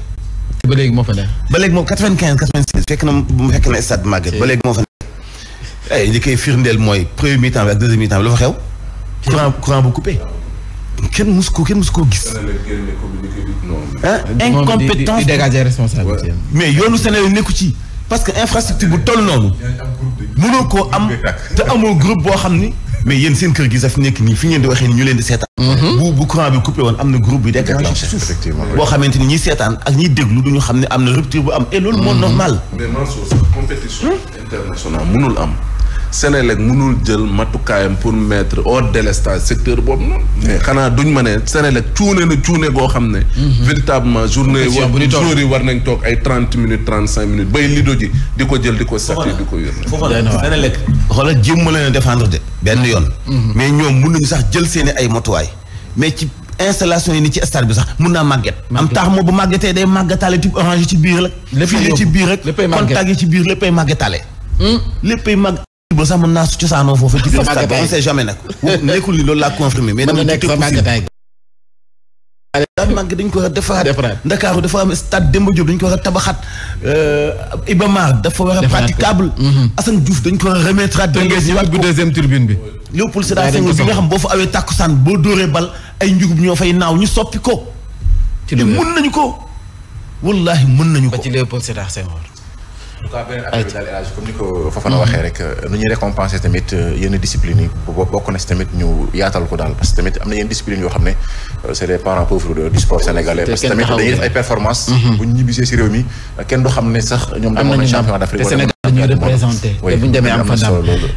ba léegi moo fa nekk. ba léegi moo quatre vingt quinze quatre vingt six fekk na mu fekk na ba léegi moo fa nekk. ay eh, li firndeel mooy premier mi-temps bi ak mi-temps bi lu fa xew. courant courant bu coupé. kenn mus ko kenn mus koo gis. incompétence dégager mais yoonu Sénégal nekku ci parce que infrastructure bu toll noonu. mënoo koo am te amoo groupe boo xam ni. mais yéen seen kër gi sax fi nekk nii fi ngeen di waxee ni ñu leen di seetaan mhm. bu bu courant bi coupé am na groupe bi déclenché suuf boo xamante ni ñiy seetaan ak ñiy déglu duñu xam ne am na rupture bu am et loolu moo mhm. normal mais Mansour compétition hmm? am Sénélec mënul jël matukaayam pour mettre hors délestage secteur boobu noonu. mais xanaa duñ ma ne Sénélec cuune na cuune goo xam ne. Mhm. véritablement journée. jour yi war nañ toog ay trente minutes trente cinq minutes bay lido ji di ko jël di ko. foofa di ko yónnee. foofa Sénélec. xoolal jéem leen de. benn yoon. Mhm. mais ñoom mënuñ sax jël seen ay motuwaay mais ci. installation yi ni ci stade bi sax mun naa màgget am taax moo bu màggetee day màggetaale ci orange ci biir rek fil yi ci biir rek ci biir léppay màggetaale hmm? léppay màgg ba sax mën naa su cosaanoo foofu. di fa màggataay on sait jamais nag. nekkul ni loolu laa confirmé. mais dama nekk fa màggataay. daan màgg dañ ko war a defaraat. Ndakaaru dafa am stade Demba Diop dañ ko a tabaxaat. Euh, Iba Mar dafa war a praticable. Mhm. Assane Diouf dañ ko war a bi. Léopold Sédar Senghor bi nga xam boo fa awee tàkkusaan boo dóoree bal ay njugub ñoo fay naaw ñu soppi ko. ci mën nañu ko. wallaahi mën nañu ko en tout cas beneen affaire bi daal érage comme ni ko Fofana waxee mhm. rek euh, nu ñuy tamit euh, yenn discipline yi bokk na si tamit ñu yaatal ko daal parce que tamit am na yenn discipline yoo xam ne euh, c'est des parents pauvres du mhm. bu ñu ñibbisee si réew mi kenn du xam ne sax ñoom demoon na champion d'Afrique te Sénégal am fa ndam